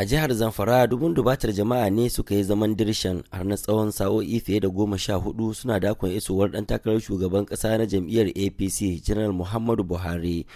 a jihar zamfara dubun dubatar jama'a ne suka yi zaman dirshan har na tsawon sa'o'i fiye da goma sha hudu suna dakon isowar dan takarar shugaban kasa na jam'iyyar apc janar muhammadu buhari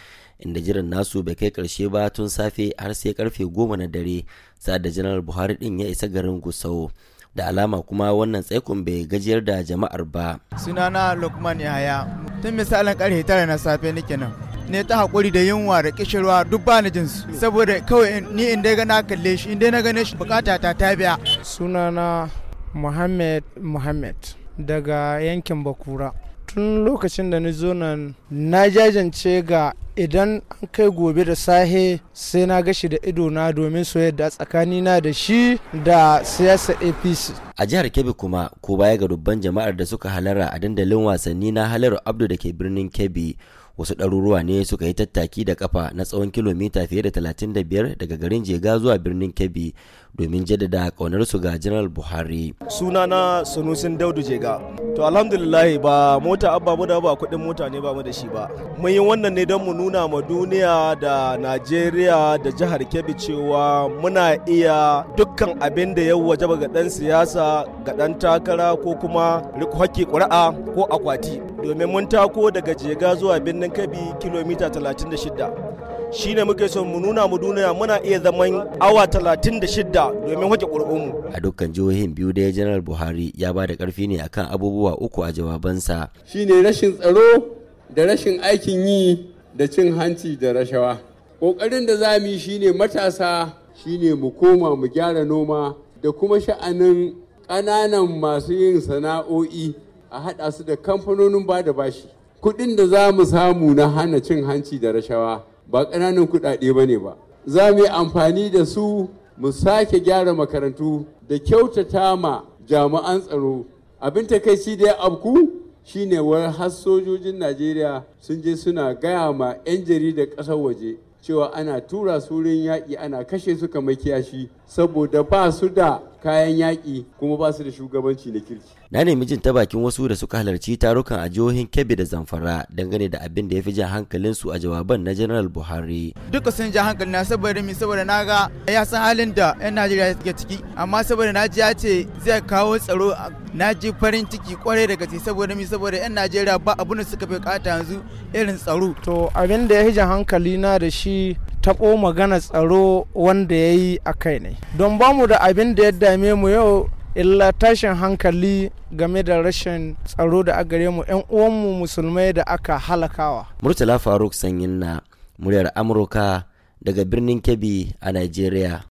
inda jiran nasu bai kai karshe ba tun safe har sai karfe goma na dare sa'ad da janar buhari din ya isa garin gusau da alama kuma wannan tsaikon bai gajiyar da jama'ar ba. Sunana Lukman yaya tun misalin karfe tara na safe nake nan. ne ta hakuri da yunwa da kishirwa duk ba ni jinsu saboda kawai ni in dai na kalle shi in dai na gane shi bukata ta ta biya sunana muhammad muhammad daga yankin bakura tun lokacin da ni zo nan na jajance ga idan an kai gobe da sahe sai na gashi da ido na domin soyayya tsakanina da shi da siyasar apc a jihar kebbi kuma ko baya ga dubban jama'ar da suka halara a dandalin wasanni na halar abdu da ke birnin kebbi wasu ɗaruruwa ne suka yi tattaki da ƙafa na tsawon kilomita fiye da 35 daga garin jega zuwa birnin kebbi domin jaddada ƙaunarsu ga janar buhari sunana sunusin daudu jega to alhamdulillah ba mota abba mu da ba kuɗin mota ne ba mu da shi ba mun yi wannan ne don mu nuna ma duniya da najeriya da jihar kebbi cewa muna iya dukkan abin da ya waje ga ɗan siyasa ga ɗan takara ko kuma hakki ƙuri'a ko akwati domin mun tako daga jega zuwa birnin kebbi kilomita 36 shine muke son mu nuna mu duniya muna iya zaman awa talatin da 36 domin wake ƙuri'unmu. A dukkan jihohin biyu da Janar Buhari ya ba da ƙarfi ne akan abubuwa uku a jawabansa. Shine rashin tsaro da rashin aikin yi da cin hanci da rashawa. Ƙoƙarin da za mu yi shine matasa shine mu koma mu gyara noma da kuma sha'anin ƙananan masu yin sana'o'i a haɗa su da kamfanonin ba da bashi. Kuɗin da za mu samu na hana cin hanci da rashawa. ba ƙananan kuɗaɗe ba ne ba za mu yi amfani da su mu sake gyara makarantu da kyautata ma jami'an tsaro abin takaici da ya abku shine wani har sojojin najeriya sun je suna gaya ma 'yan jarida ƙasar waje cewa ana tura su wurin yaƙi ana kashe suka kamar kiyashi saboda ba su da kayan yaƙi kuma ba su da shugabanci na kirki. Na nemi jin ta bakin wasu da suka halarci tarukan a jihohin Kebbi da Zamfara dangane da abin da ya fi jan hankalin su a jawaban na General Buhari. Duka sun ja hankali na saboda mi saboda na ga ya san halin da 'yan Najeriya suke ciki amma saboda na ji ya ce zai kawo tsaro na ji farin ciki kwarai da gaske saboda mi saboda 'yan Najeriya ba abin da suka fi kata yanzu irin tsaro. To abin da ya fi jan hankali na da shi taɓo magana tsaro wanda ya yi a kai ne don ba mu da abin da ya dame mu yau illa tashin hankali game da rashin tsaro da a gare mu 'yan uwanmu musulmai da aka halakawa murtala faruk sanyin na muryar amurka daga birnin kebbi a nigeria